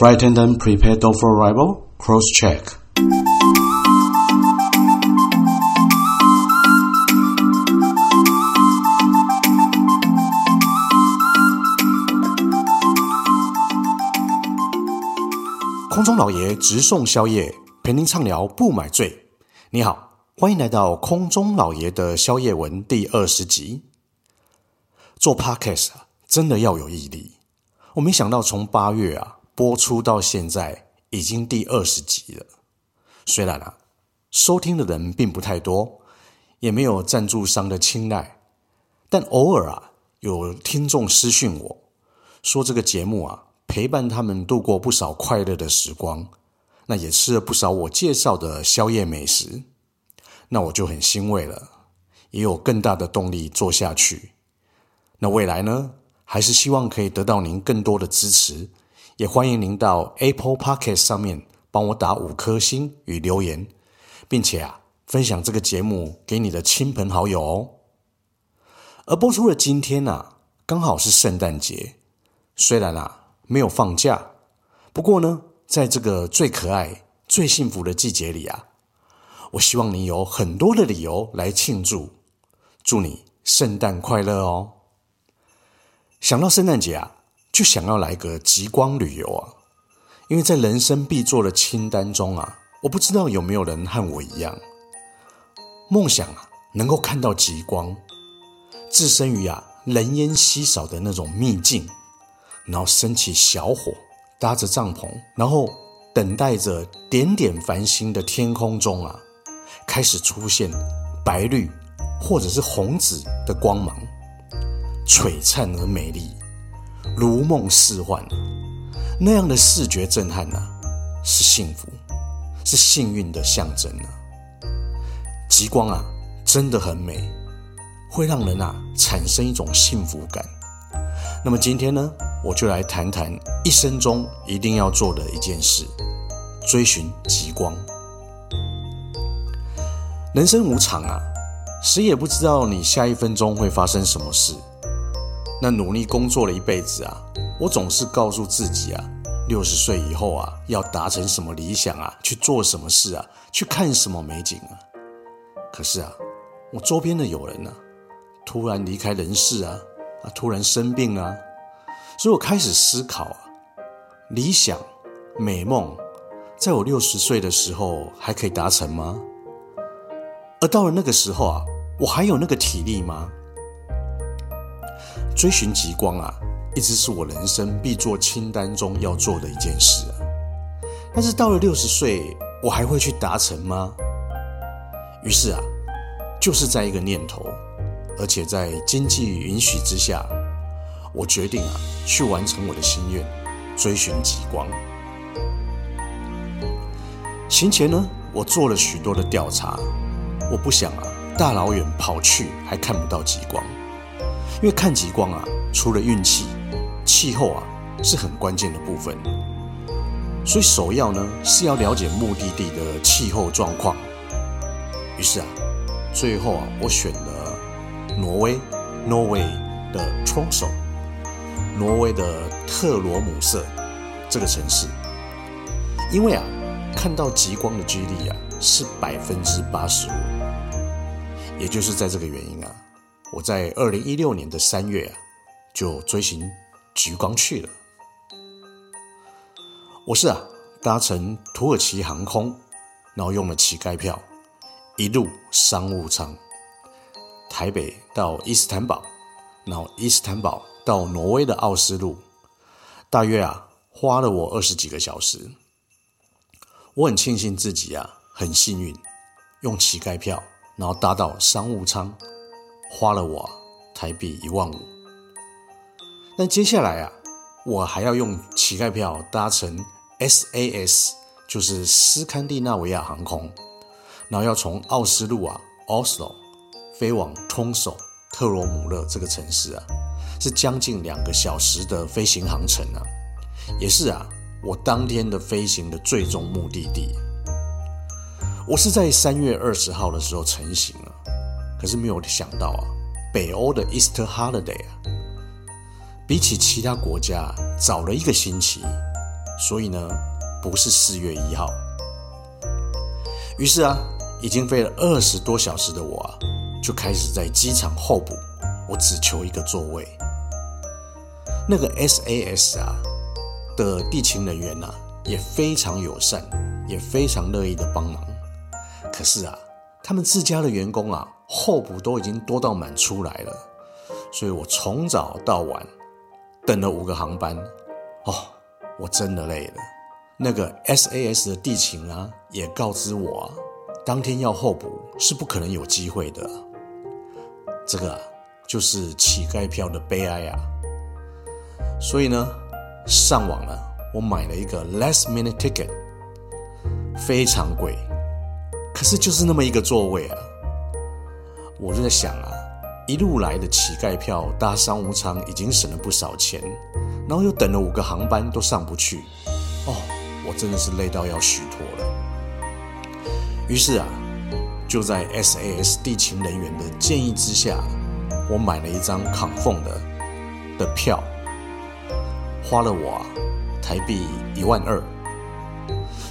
Frightened and prepared for arrival cross check 空中老爺直送宵夜，陪您暢聊不買醉。你好，歡迎來到空中老爺的宵夜文第二十集。做 Podcast 真的要有毅力，我沒想到從八月啊播出到現在已經第二十集了。雖然啊，收聽的人並不太多，也沒有贊助商的青睞，但偶爾啊，有聽眾私訊我說：“這個節目啊，陪伴他們度過不少快樂的時光，那也吃了不少我介紹的宵夜美食。”那我就很欣慰了，也有更大的動力做下去。那未來呢，還是希望可以得到您更多的支持。也歡迎您到 Apple Podcast 上面幫我打五顆星與留言，並且啊，分享這個節目給你的親朋好友哦。而播出的今天啊，剛好是聖誕節，雖然啊沒有放假，不過呢，在這個最可愛、最幸福的季節裡啊，我希望你有很多的理由來慶祝，祝你聖誕快樂哦！想到聖誕節啊。就想要來個極光旅遊啊，因為在人生必做的清單中啊，我不知道有沒有人和我一樣，夢想啊，能夠看到極光，置身於啊人煙稀少的那種秘境，然後升起小火，搭着帳篷，然後等待着點點繁星的天空中啊，開始出現白綠或者是紅紫的光芒，璀璨而美麗。如夢似幻，那樣的視覺震撼吶、啊，是幸福，是幸運的象徵啊。極光啊，真的很美，會讓人啊產生一種幸福感。那麼今天呢，我就來談談一生中一定要做的一件事——追尋極光。人生無常啊，誰也不知道你下一分鐘會發生什麼事。那努力工作了一輩子啊，我總是告訴自己啊，六十歲以後啊，要達成什麼理想啊，去做什麼事啊，去看什麼美景啊。可是啊，我周邊的友人呢、啊，突然離開人世啊，啊，突然生病啊，所以我開始思考啊，理想、美夢，在我六十歲的時候還可以達成嗎？而到了那個時候啊，我還有那個體力嗎？追尋極光啊，一直是我人生必做清單中要做的一件事啊。但是到了六十歲，我還會去達成嗎？於是啊，就是在一個念頭，而且在經濟允許之下，我決定啊，去完成我的心願，追尋極光。行前呢，我做了許多的調查，我不想啊，大老遠跑去還看不到極光。因為看極光啊，除了運氣，氣候啊是很關鍵的部分。所以首要呢是要了解目的地的氣候狀況。於是啊，最後啊我選了挪威，挪威的 Tromsø，挪威的特羅姆瑟這個城市，因為啊看到極光的幾率啊是百分之八十五，也就是在這個原因啊。我在二零一六年的三月啊，就追尋極光去了。我是啊，搭乘土耳其航空，然後用了乞丐票，一路商務艙，台北到伊斯坦堡，然後伊斯坦堡到挪威的奧斯陸，大約啊，花了我二十幾個小時。我很慶幸自己啊，很幸運，用乞丐票，然後搭到商務艙。花了我台幣一萬五，那接下來啊，我還要用乞丐票搭乘 SAS，就是斯堪的納維亞航空，然後要從奧斯陸啊 Oslo 飛往通首特羅姆勒這個城市啊，是將近兩個小時的飛行航程啊，也是啊，我當天的飛行的最終目的地。我是在三月二十號的時候成行了，啊。可是沒有想到啊，北歐的 Easter Holiday 啊，比起其他國家早了一個星期，所以呢，不是四月一號。於是啊，已經飛了二十多小時的我啊，就開始在機場候補。我只求一個座位。那個 SAS 啊的地勤人員吶，啊，也非常友善，也非常樂意的幫忙。可是啊，他們自家的員工啊。候補都已經多到滿出來了，所以我從早到晚等了五個航班，哦，我真的累了。那個 SAS 的地勤啊，也告知我啊，當天要候補是不可能有機會的。這個啊，就是乞丐票的悲哀啊。所以呢，上網了，我買了一個 last minute ticket，非常貴，可是就是那麼一個座位啊。我就在想啊，一路來的乞丐票搭商務艙已經省了不少錢，然後又等了五個航班都上不去，哦，我真的是累到要虛脫了。於是啊，就在 SAS 地勤人員的建議之下，我買了一張 confirm 的的票，花了我、啊、台幣一萬二。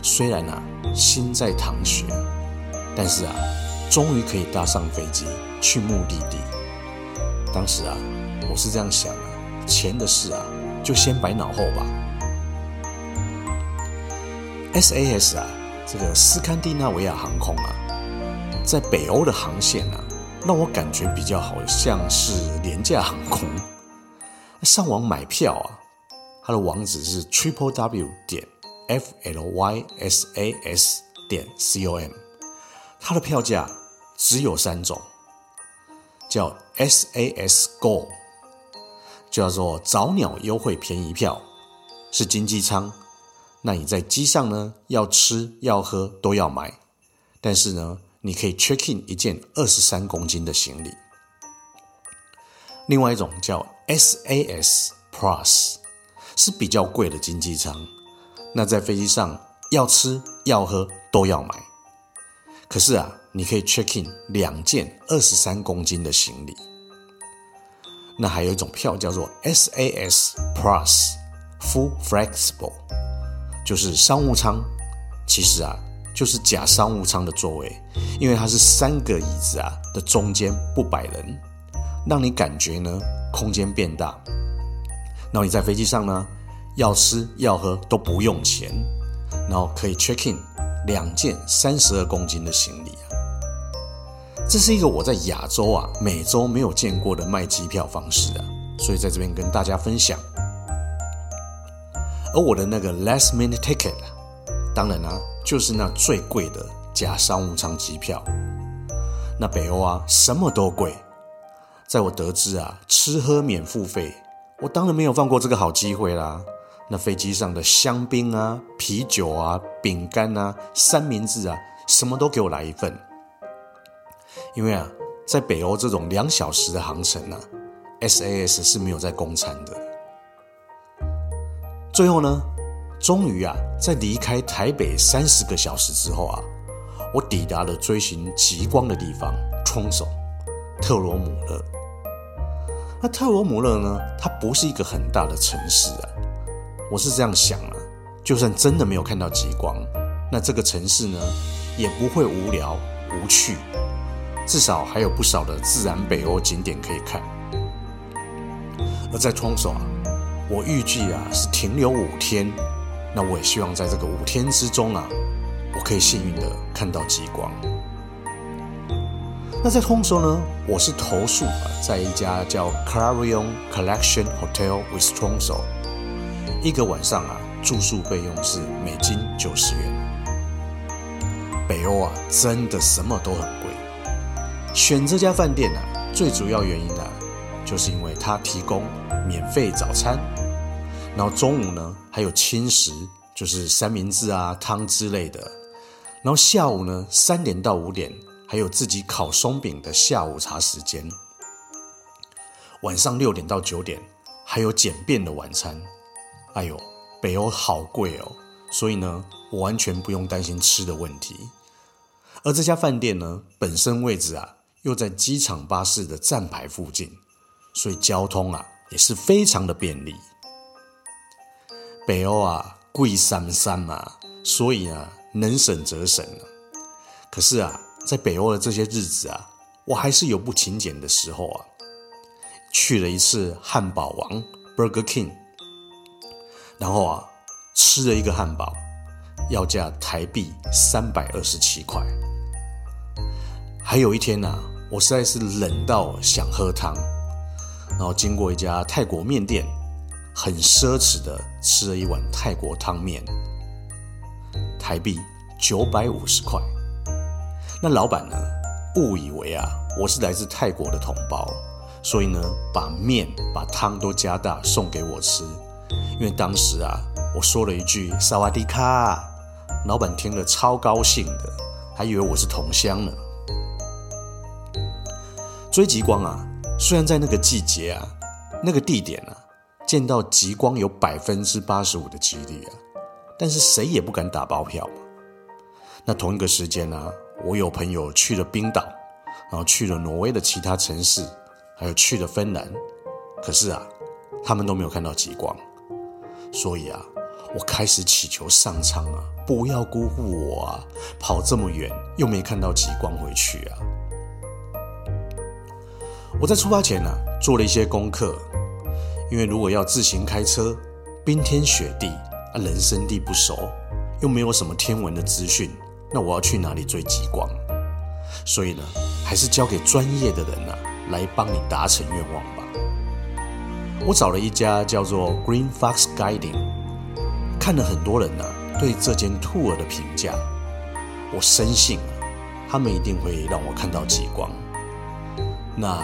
雖然吶、啊、心在淌血，但是啊。終於可以搭上飛機去目的地。當時啊，我是這樣想啊，錢的事啊，就先擺腦後吧。S A S 啊，這個斯堪的納維亞航空啊，在北歐的航線啊，讓我感覺比較好，像是廉價航空。上網買票啊，它的網址是 triple w 點 f l y s a s 點 c o m，它的票價，只有三種，叫 SAS Go，就叫做早鳥優惠便宜票，是經濟艙。那你在機上呢，要吃要喝都要買，但是呢，你可以 check in 一件二十三公斤的行李。另外一種叫 SAS Plus，是比較貴的經濟艙。那在飛機上要吃要喝都要買，可是啊。你可以 check in 兩件二十三公斤的行李。那還有一種票叫做 SAS Plus Full Flexible，就是商務艙，其實啊就是假商務艙的座位，因為它是三個椅子啊的中間不擺人，讓你感覺呢空間變大。那你在飛機上呢要吃要喝都不用錢，然後可以 check in 兩件三十二公斤的行李。這是一個我在亞洲啊、美洲沒有見過的賣機票方式啊，所以在這邊跟大家分享。而我的那個 last minute ticket，當然啊，就是那最貴的假商務艙機票。那北歐啊，什麼都貴。在我得知啊，吃喝免付費，我當然沒有放過這個好機會啦。那飛機上的香檳啊、啤酒啊、餅乾啊、三明治啊，什麼都給我來一份。因為啊，在北歐這種兩小時的航程呢，啊，SAS 是沒有在共餐的。最後呢，終於啊，在離開台北三十個小時之後啊，我抵達了追尋極光的地方 ——Tromsø，特羅姆瑟。那特羅姆瑟呢，它不是一個很大的城市啊。我是這樣想啊，就算真的沒有看到極光，那這個城市呢，也不會無聊無趣。至少還有不少的自然北歐景點可以看。而在特羅姆瑟，我預計啊是停留五天，那我也希望在這個五天之中啊，我可以幸運的看到極光。那在特羅姆瑟呢，我是投宿啊，在一家叫 Clarion Collection Hotel with Tromsø，一個晚上啊住宿費用是美金九十元。北歐啊，真的什麼都很。選這家飯店啊，最主要原因呢啊，就是因為它提供免費早餐，然後中午呢還有輕食，就是三明治啊、湯之類的，然後下午呢三點到五點還有自己烤鬆餅的下午茶時間，晚上六點到九點還有簡便的晚餐。哎喲，北歐好貴哦，所以呢，我完全不用擔心吃的問題。而這家飯店呢，本身位置啊。又在機場巴士的站牌附近，所以交通啊也是非常的便利。北歐啊貴三三嘛、啊，所以啊能省則省、啊。可是啊，在北歐的這些日子啊，我還是有不勤儉的時候啊，去了一次漢堡王 （Burger King），然後啊吃了一個漢堡，要價台幣三百二十七塊。還有一天啊。我實在是冷到想喝湯，然後經過一家泰國麵店，很奢侈的吃了一碗泰國湯麵，台幣九百五十塊。那老板呢誤以為啊我是來自泰國的同胞，所以呢把麵把湯都加大送給我吃，因為當時啊我說了一句“薩瓦迪卡”，老板聽了超高興的，還以為我是同鄉呢。追極光啊，雖然在那個季節啊，那個地點啊，見到極光有百分之八十五的幾率啊，但是誰也不敢打包票。那同一個時間呢，啊，我有朋友去了冰島，然後去了挪威的其他城市，還有去了芬蘭，可是啊，他們都沒有看到極光。所以啊，我開始祈求上蒼啊，不要辜負我啊，跑這麼遠又沒看到極光回去啊。我在出發前呢、啊，做了一些功課，因為如果要自行開車，冰天雪地，啊，人生地不熟，又沒有什麼天文的資訊，那我要去哪裡追極光？所以呢，還是交給專業的人、啊、來幫你達成願望吧。我找了一家叫做 Green Fox Guiding，看了很多人呢、啊、對這間 tour 的評價，我深信他們一定會讓我看到極光。那。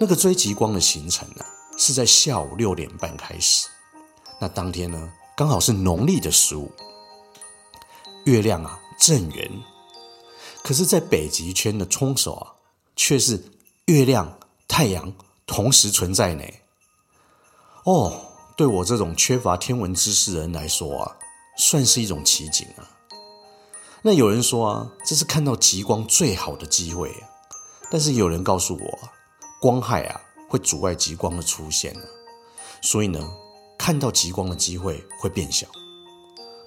那個追極光的行程呢、啊，是在下午六點半開始。那當天呢，剛好是農曆的十五，月亮啊正圓。可是，在北極圈的冲手啊，卻是月亮、太陽同時存在呢。哦，對我這種缺乏天文知識的人來說啊，算是一種奇景啊。那有人說啊，這是看到極光最好的機會、啊，但是有人告訴我、啊。光害啊，會阻礙極光的出現啊，所以呢，看到極光的機會會變小。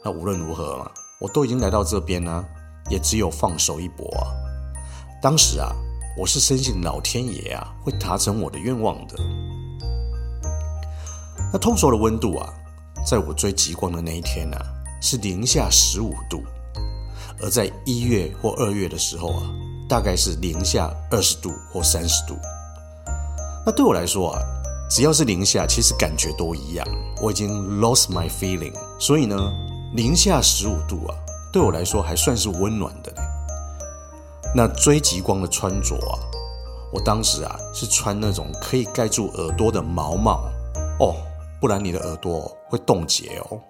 那無論如何嘛，我都已經來到這邊呢、啊，也只有放手一搏。啊。當時啊，我是深信老天爺啊會達成我的願望的。那 Tromsø 的溫度啊，在我追極光的那一天啊，是零下十五度，而在一月或二月的時候啊，大概是零下二十度或三十度。那對我來說啊，只要是零下，其實感覺都一樣。我已經 lost my feeling，所以呢，零下十五度啊，對我來說還算是溫暖的嘞。那追極光的穿着啊，我當時啊是穿那種可以蓋住耳朵的毛帽哦，不然你的耳朵會凍結哦。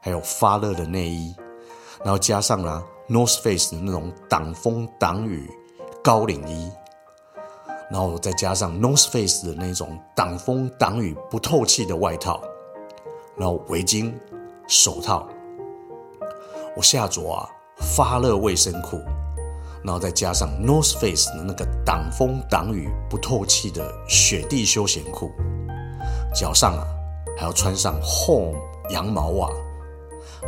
還有發熱的內衣，然後加上呢，啊，North Face 的那種擋風擋雨高領衣。然後再加上 North Face 的那種擋風擋雨不透氣的外套，然後圍巾、手套。我下着啊發熱衛生褲，然後再加上 North Face 的那個擋風擋雨不透氣的雪地休閒褲，腳上啊還要穿上 Home 羊毛襪，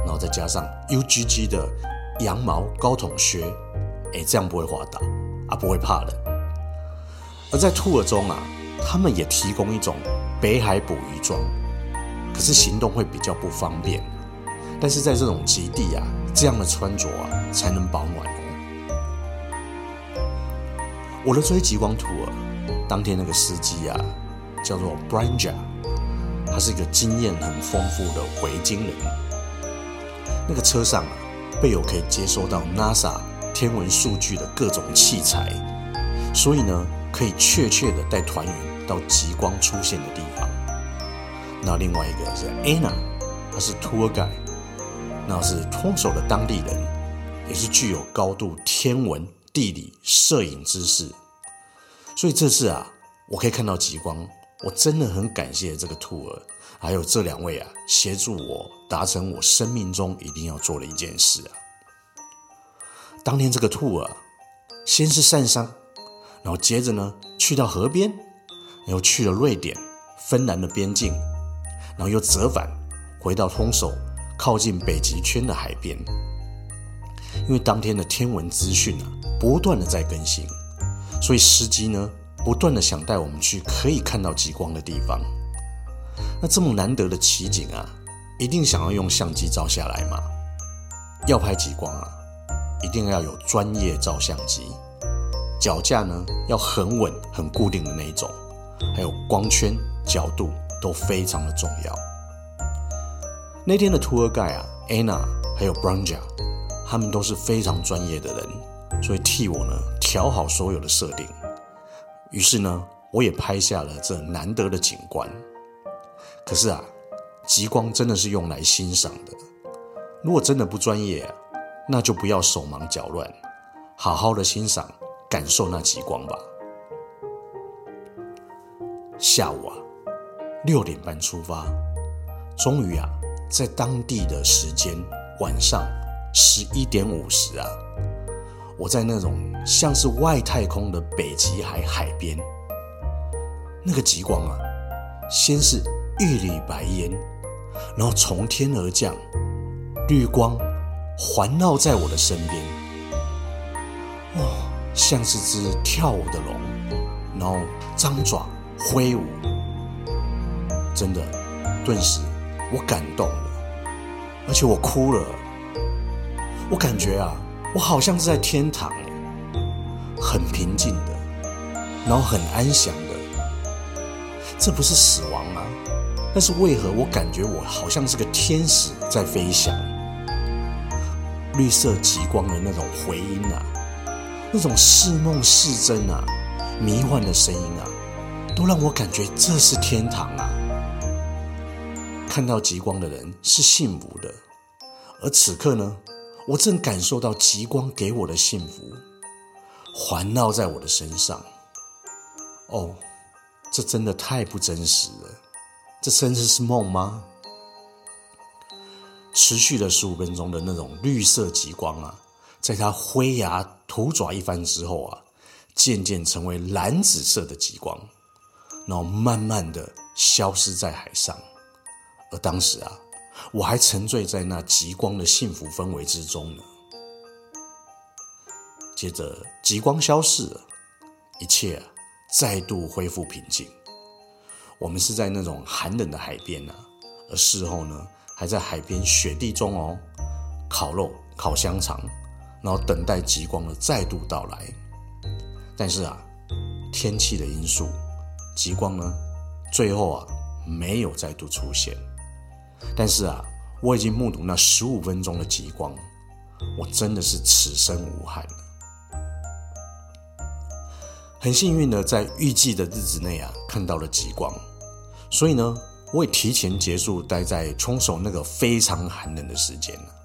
然後再加上 UGG 的羊毛高筒靴，哎，這樣不會滑倒啊，不會怕冷。而在 tour 中啊，他們也提供一種北海捕魚裝，可是行動會比較不方便。但是在這種極地啊，這樣的穿着啊才能保暖哦。我的追極光 tour 當天那個司機啊，叫做 Brenja, 他是一個經驗很豐富的回精靈。那個車上啊，備有可以接收到 NASA 天文數據的各種器材，所以呢。可以確切的帶團員到極光出現的地方。那另外一個是 Anna，她是 Tour Guide，那是通曉的當地人，也是具有高度天文、地理、攝影知識。所以這次啊，我可以看到極光，我真的很感謝這個 Tour，還有這兩位啊，協助我達成我生命中一定要做的一件事啊。當天這個 Tour，先是上山。然後接着呢，去到河邊，然後去了瑞典、芬蘭的邊境，然後又折返，回到 Tromsø 靠近北極圈的海邊。因為當天的天文資訊啊，不斷的在更新，所以司機呢，不斷的想帶我們去可以看到極光的地方。那這麼難得的奇景啊，一定想要用相機照下來嘛？要拍極光啊，一定要有專業照相機。腳架呢，要很穩、很固定的那一種，還有光圈、角度都非常的重要。那天的圖爾蓋啊，Anna 還有 Brunja 他們都是非常專業的人，所以替我呢調好所有的設定。於是呢，我也拍下了這難得的景觀。可是啊，極光真的是用來欣賞的。如果真的不專業啊，那就不要手忙腳亂，好好的欣賞，感受那極光吧。下午啊，六點半出發，終於啊，在當地的時間晚上十一點五十啊，我在那種像是外太空的北極海海邊，那個極光啊，先是一縷白煙，然後從天而降，綠光環繞在我的身邊，哇、哦！像是隻跳舞的龍，然後張爪揮舞，真的，頓時我感動了，而且我哭了，我感覺啊，我好像是在天堂哎，很平靜的，然後很安詳的，這不是死亡嗎、啊？但是為何我感覺我好像是個天使在飛翔？綠色極光的那種回音啊。那種似夢似真啊，迷幻的聲音啊，都讓我感覺這是天堂啊！看到極光的人是幸福的，而此刻呢，我正感受到極光給我的幸福，環繞在我的身上。哦，這真的太不真實了，這真的是夢嗎？持續了十五分鐘的那種綠色極光啊，在它輝牙，土爪一番之後啊，漸漸成為藍紫色的極光，然後慢慢的消失在海上。而當時啊，我還沉醉在那極光的幸福氛圍之中呢。接着，極光消逝，一切啊，再度恢復平靜。我們是在那種寒冷的海邊呢、啊，而事後呢，還在海邊雪地中哦，烤肉、烤香腸。然後等待極光的再度到來，但是啊，天氣的因素，極光呢，最後啊，沒有再度出現。但是啊，我已經目睹那十五分鐘的極光，我真的是此生無憾了。很幸運的在預計的日子內啊看到了極光，所以呢，我也提前結束待在沖繩那個非常寒冷的時間了。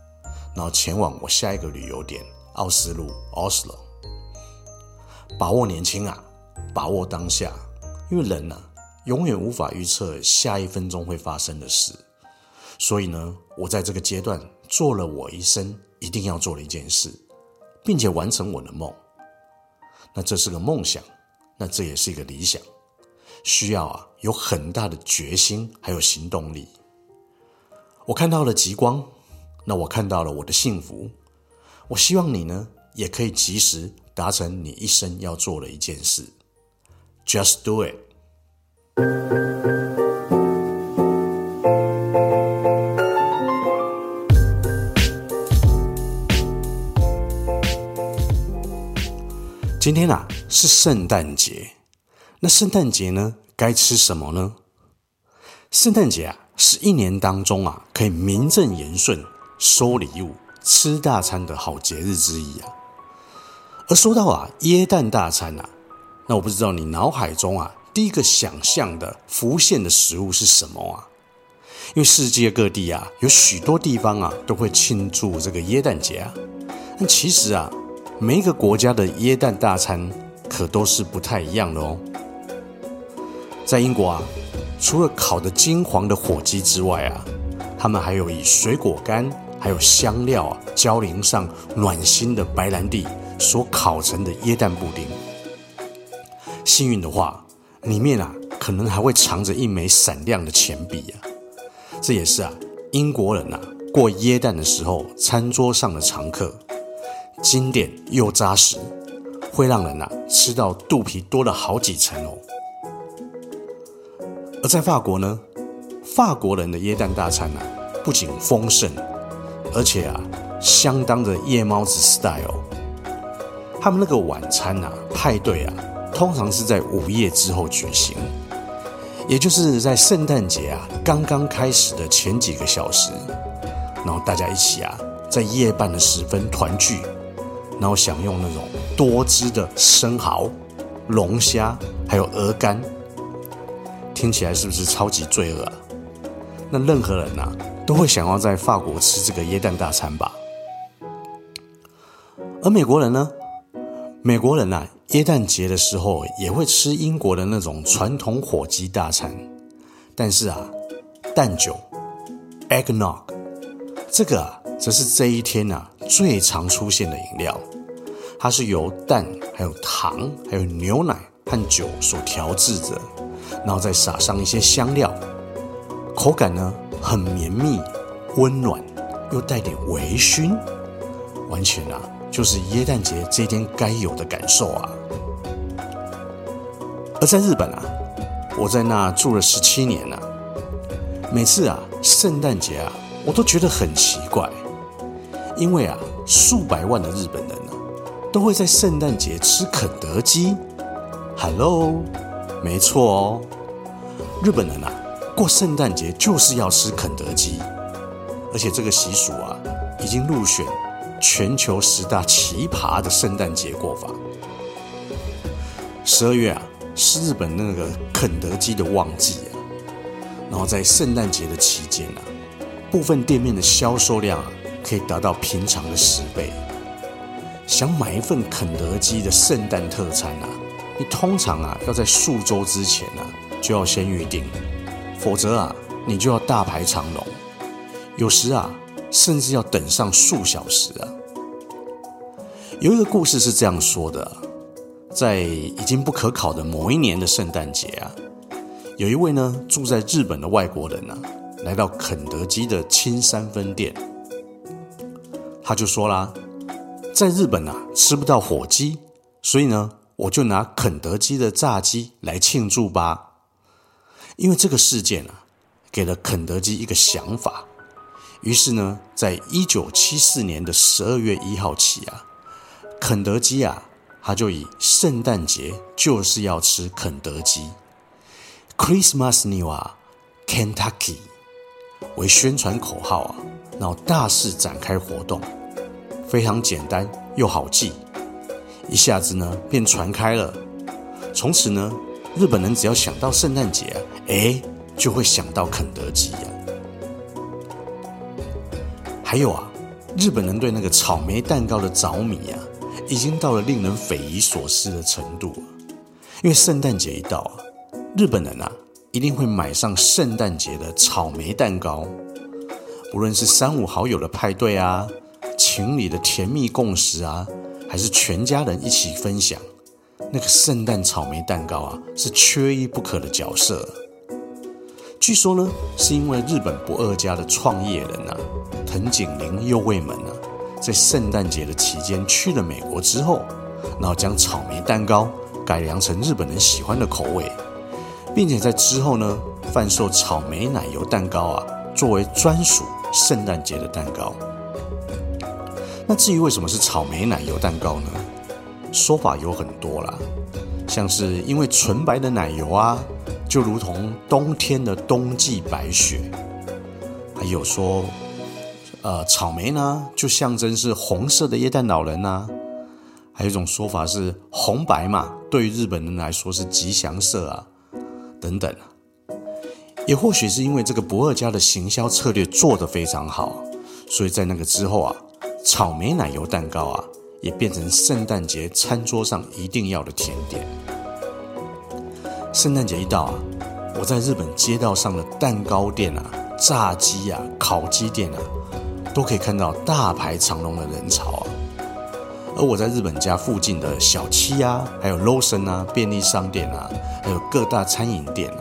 然後前往我下一個旅遊點奧斯陸奧斯陸。把握年輕啊，把握當下，因為人啊，永遠無法預測下一分鐘會發生的事。所以呢，我在這個階段做了我一生一定要做的一件事，並且完成我的夢。那這是個夢想，那這也是一個理想，需要啊有很大的決心還有行動力。我看到了極光。那我看到了我的幸福，我希望你呢也可以及時達成你一生要做的一件事，Just do it。今天啊是聖誕節，那聖誕節呢該吃什麼呢？聖誕節啊是一年當中啊可以名正言順。收禮物、吃大餐的好節日之一啊。而說到啊耶誕大餐啊，那我不知道你腦海中啊第一個想象的浮現的食物是什麼啊？因為世界各地啊有許多地方啊都會慶祝這個耶誕節啊，但其實啊每一個國家的耶誕大餐可都是不太一樣的哦。在英國啊，除了烤得金黃的火雞之外啊，他們還有以水果乾。還有香料、啊，澆淋上暖心的白蘭地，所烤成的耶誕布丁。幸運的話，裡面啊可能還會藏着一枚閃亮的錢幣啊！這也是啊英國人啊過耶誕的時候餐桌上的常客，經典又扎實，會讓人啊吃到肚皮多了好幾層哦。而在法國呢，法國人的耶誕大餐啊，不僅豐盛。而且啊，相當的夜貓子 style，他們那個晚餐吶、啊、派對啊，通常是在午夜之後舉行，也就是在聖誕節啊剛剛開始的前幾個小時，然後大家一起啊，在夜半的時分團聚，然後享用那種多汁的生蠔、龍蝦還有鵝肝，聽起來是不是超級罪惡、啊？那任何人吶、啊？都會想要在法國吃這個耶誕大餐吧？而美國人呢？美國人呐、啊，耶誕節的時候也會吃英國的那種傳統火雞大餐。但是啊，蛋酒 （Eggnog） 這個啊則是這一天啊最常出現的飲料。它是由蛋、還有糖、還有牛奶和酒所調製的，然後再撒上一些香料，口感呢？很綿密、溫暖，又帶點微醺，完全啊，就是耶誕節這天該有的感受啊。而在日本啊，我在那住了十七年了、啊，每次啊，聖誕節啊，我都覺得很奇怪，因為啊，數百萬的日本人呢、啊，都會在聖誕節吃肯德基。Hello，沒錯哦，日本人啊。過聖誕節就是要吃肯德基，而且這個習俗啊，已經入選全球十大奇葩的聖誕節過法。十二月啊是日本那個肯德基的旺季啊，然後在聖誕節的期間啊，部分店面的銷售量啊可以達到平常的十倍。想買一份肯德基的聖誕特餐啊，你通常啊要在數周之前呢啊就要先預定。否則啊，你就要大排長龍，有時啊，甚至要等上數小時啊。有一個故事是這樣說的：在已經不可考的某一年的聖誕節啊，有一位呢住在日本的外國人呢，啊，來到肯德基的青山分店，他就說啦：“在日本啊，吃不到火雞，所以呢，我就拿肯德基的炸雞來慶祝吧。”因為這個事件啊，給了肯德基一個想法，於是呢，在一九七四年的十二月一號起啊，肯德基啊，他就以聖誕節就是要吃肯德基，Christmas Night Kentucky 為宣傳口號啊，然後大肆展開活動，非常簡單又好記，一下子呢便傳開了，從此呢。日本人只要想到聖誕節，誒，就會想到肯德基啊。還有啊，日本人對那個草莓蛋糕的着迷啊，已經到了令人匪夷所思的程度。因為聖誕節一到啊，日本人啊一定會買上聖誕節的草莓蛋糕，無論是三五好友的派對啊，情侶的甜蜜共識啊，還是全家人一起分享。那個聖誕草莓蛋糕啊，是缺一不可的角色。據說呢，是因為日本不二家的創業人啊，藤井玲右衛門啊，在聖誕節的期間去了美國之後，然後將草莓蛋糕改良成日本人喜歡的口味，並且在之後呢，販售草莓奶油蛋糕啊，作為專屬聖誕節的蛋糕。那至於為什麼是草莓奶油蛋糕呢？說法有很多啦，像是因為純白的奶油啊，就如同冬天的冬季白雪；還有說，呃，草莓呢，就象徵是紅色的耶誕老人吶、啊；還有一種說法是紅白嘛，對於日本人來說是吉祥色啊，等等。也或許是因為這個不二家的行銷策略做得非常好，所以在那個之後啊，草莓奶油蛋糕啊。也變成聖誕節餐桌上一定要的甜點。聖誕節一到啊，我在日本街道上的蛋糕店啊、炸雞啊、烤雞店啊，都可以看到大排長龍的人潮啊。而我在日本家附近的小七啊、還有 Lawson 啊、便利商店啊，還有各大餐飲店啊，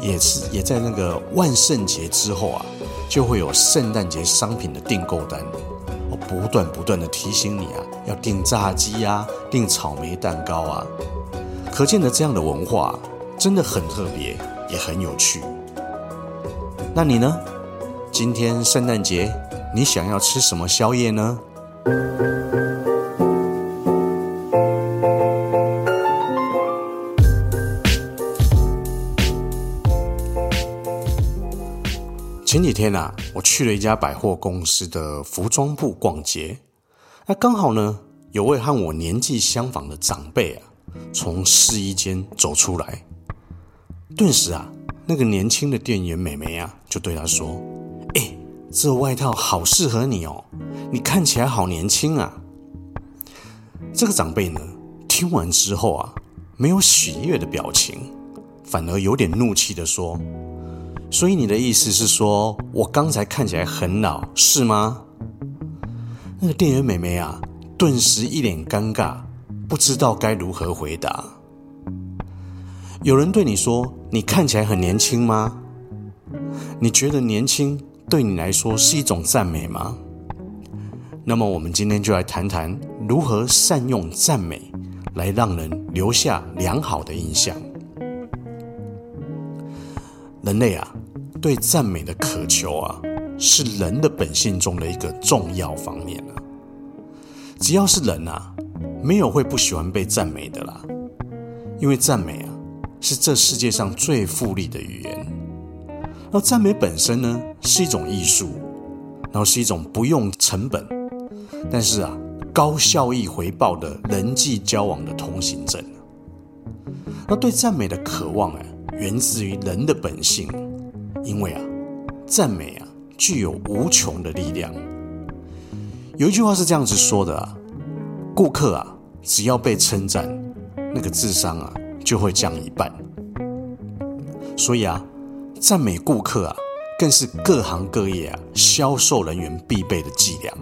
也是也在那個萬聖節之後啊，就會有聖誕節商品的訂購單。我不斷不斷的提醒你啊。要訂炸雞呀、啊，訂草莓蛋糕啊，可見得這樣的文化真的很特別，也很有趣。那你呢？今天聖誕節，你想要吃什麼宵夜呢？前幾天啊，我去了一家百貨公司的服裝部逛街。那剛好呢，有位和我年紀相仿的長輩啊，從試衣間走出來，頓時啊，那個年輕的店員美眉啊，就對他說：“誒，這外套好適合你哦，你看起來好年輕啊。”這個長輩呢，聽完之後啊，沒有喜悅的表情，反而有點怒氣的說：“所以你的意思是說我剛才看起來很老，是嗎？”那個店員美眉啊，頓時一臉尷尬，不知道該如何回答。有人對你說：“你看起來很年輕嗎？”你覺得年輕對你來說是一種讚美嗎？那麼，我們今天就來談談如何善用讚美，來讓人留下良好的印象。人類啊，對讚美的渴求啊，是人的本性中的一個重要方面。只要是人啊，沒有會不喜歡被讚美的啦，因為讚美啊，是這世界上最富麗的語言。那讚美本身呢，是一種藝術，然後是一種不用成本，但是啊高效益回報的人際交往的通行證。那對讚美的渴望啊，源自於人的本性，因為啊讚美啊具有無窮的力量。有一句話是這樣子說的啊，顧客啊，只要被稱讚，那個智商啊就會降一半。所以啊，讚美顧客啊，更是各行各業啊銷售人員必備的伎倆。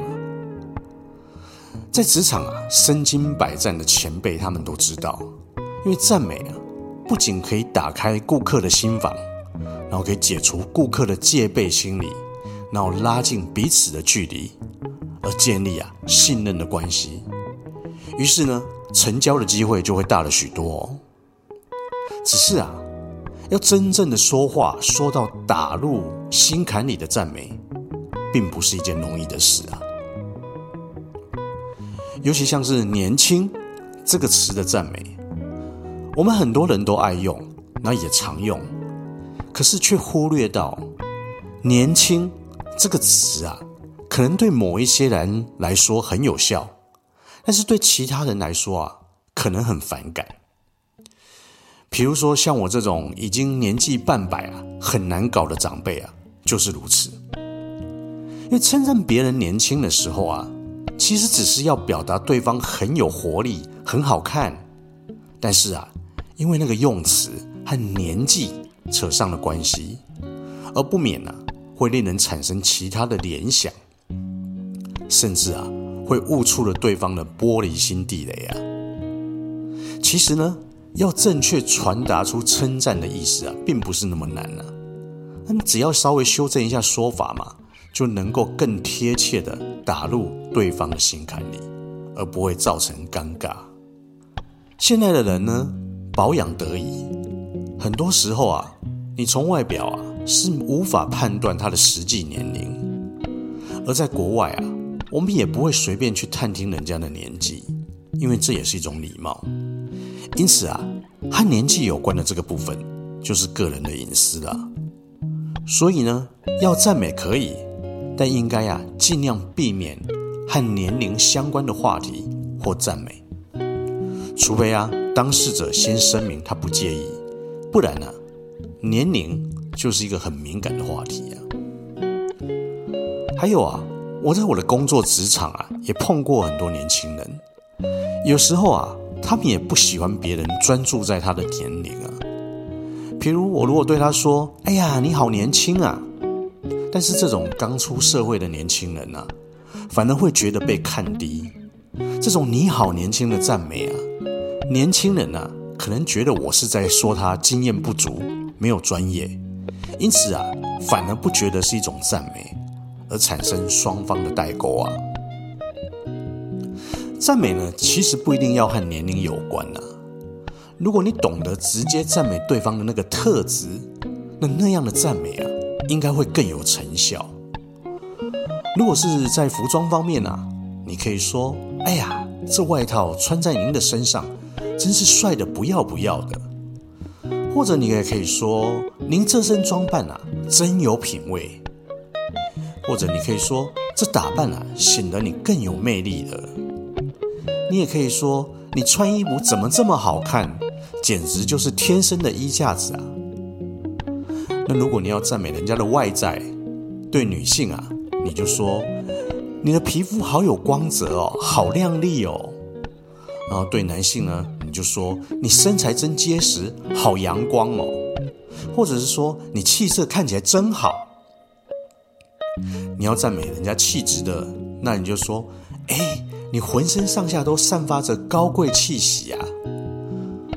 在職場啊，身經百戰的前輩他們都知道，因為讚美啊，不僅可以打開顧客的心房，然後可以解除顧客的戒備心理，然後拉近彼此的距離。而建立啊信任的關係，於是呢，成交的機會就會大了許多哦。只是啊，要真正的說話說到打入心坎裡的讚美，並不是一件容易的事啊。尤其像是“年輕”這個詞的讚美，我們很多人都愛用，那也常用，可是却忽略到“年輕”這個詞啊。可能對某一些人來說很有效，但是對其他人來說啊，可能很反感。比如說像我這種已經年紀半百啊，很難搞的長輩啊，就是如此。因為稱讚別人年輕的時候啊，其實只是要表達對方很有活力，很好看，但是啊，因為那個用詞和年紀扯上了關係，而不免呢，啊，會令人產生其他的聯想。甚至啊，會誤觸了對方的玻璃心地雷啊！其實呢，要正確傳達出稱讚的意思啊，並不是那麼難吶、啊。那麼只要稍微修正一下說法嘛，就能夠更貼切的打入對方的心坎裡，而不會造成尷尬。現在的人呢，保養得宜，很多時候啊，你從外表啊是無法判斷他的實際年齡，而在國外啊。我們也不會隨便去探聽人家的年紀，因為這也是一種禮貌。因此啊，和年紀有關的這個部分就是個人的隱私了。所以呢，要讚美可以，但應該啊盡量避免和年齡相關的話題或讚美，除非啊當事者先聲明他不介意，不然呢、啊、年齡就是一個很敏感的話題啊。還有啊。我在我的工作職場啊，也碰過很多年輕人。有時候啊，他們也不喜歡別人專注在他的年齡啊。譬如我如果對他說：“哎呀，你好年輕啊！”但是這種剛出社會的年輕人呢、啊，反而會覺得被看低。這種“你好年輕”的讚美啊，年輕人呢、啊，可能覺得我是在說他經驗不足、沒有專業，因此啊，反而不覺得是一種讚美。而產生雙方的代溝啊！讚美呢，其實不一定要和年齡有關吶。如果你懂得直接讚美對方的那個特質，那那樣的讚美啊，應該會更有成效。如果是在服裝方面啊，你可以說：“哎呀，這外套穿在您的身上，真是帥的不要不要的。”或者你也可以說：“您這身裝扮啊，真有品味。”或者你可以說這打扮啊，顯得你更有魅力了。你也可以說，你穿衣服怎麼這麼好看，簡直就是天生的衣架子啊。那如果你要讚美人家的外在，對女性啊，你就說，你的皮膚好有光澤哦，好亮麗哦。然後對男性呢，你就說，你身材真結實，好陽光哦，或者是說你氣色看起來真好。你要讚美人家氣質的，那你就說：“哎、欸，你渾身上下都散發着高貴氣息啊！”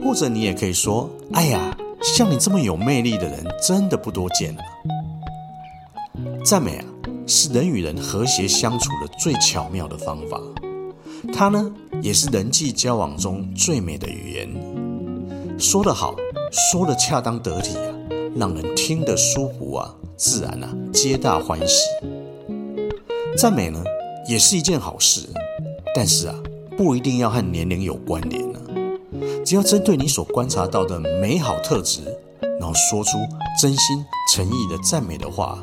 或者你也可以說：“哎呀，像你這麼有魅力的人真的不多見啊！”讚美啊，是人與人和諧相處的最巧妙的方法，它呢也是人際交往中最美的語言。說得好，說得恰當得體啊，讓人聽得舒服啊。自然啊，皆大歡喜。讚美呢，也是一件好事，但是啊，不一定要和年齡有關聯呢啊。只要針對你所觀察到的美好特質，然後說出真心誠意的讚美的話，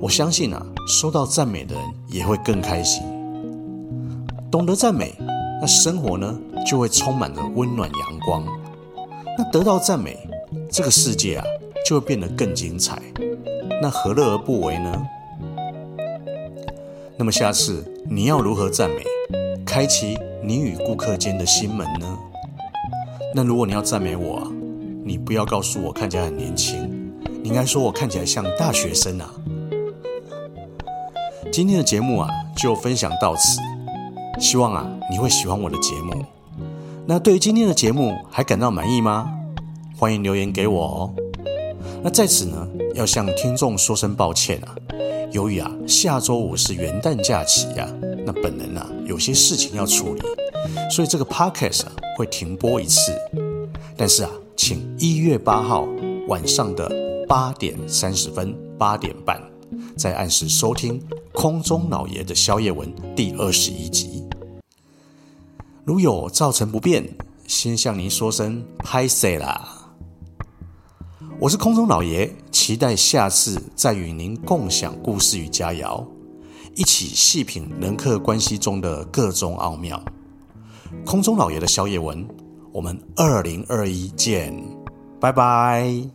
我相信啊，收到讚美的人也會更開心。懂得讚美，那生活呢，就會充滿了溫暖陽光。那得到讚美，這個世界啊，就會變得更精彩。那何樂而不為呢？那麼下次你要如何讚美，開啟你與顧客間的心門呢？那如果你要讚美我啊，你不要告訴我看起來很年輕，你應該說我看起來像大學生啊。今天的節目啊就分享到此，希望啊你會喜歡我的節目。那對於今天的節目還感到滿意嗎？歡迎留言給我哦。那在此呢，要向聽眾說聲抱歉啊，由於啊下週五是元旦假期呀、啊，那本人啊有些事情要處理，所以這個 podcast、啊、會停播一次。但是啊，請一月八號晚上的八點三十分、八點半再按時收聽空中老爺的宵夜文第二十一集。如有造成不便，先向您說聲 sorry 啦。我是空中老爺，期待下次再與您共享故事與佳餚，一起細品人客關係中的各種奧妙。空中老爺的宵夜文，我們二零二一見，拜拜。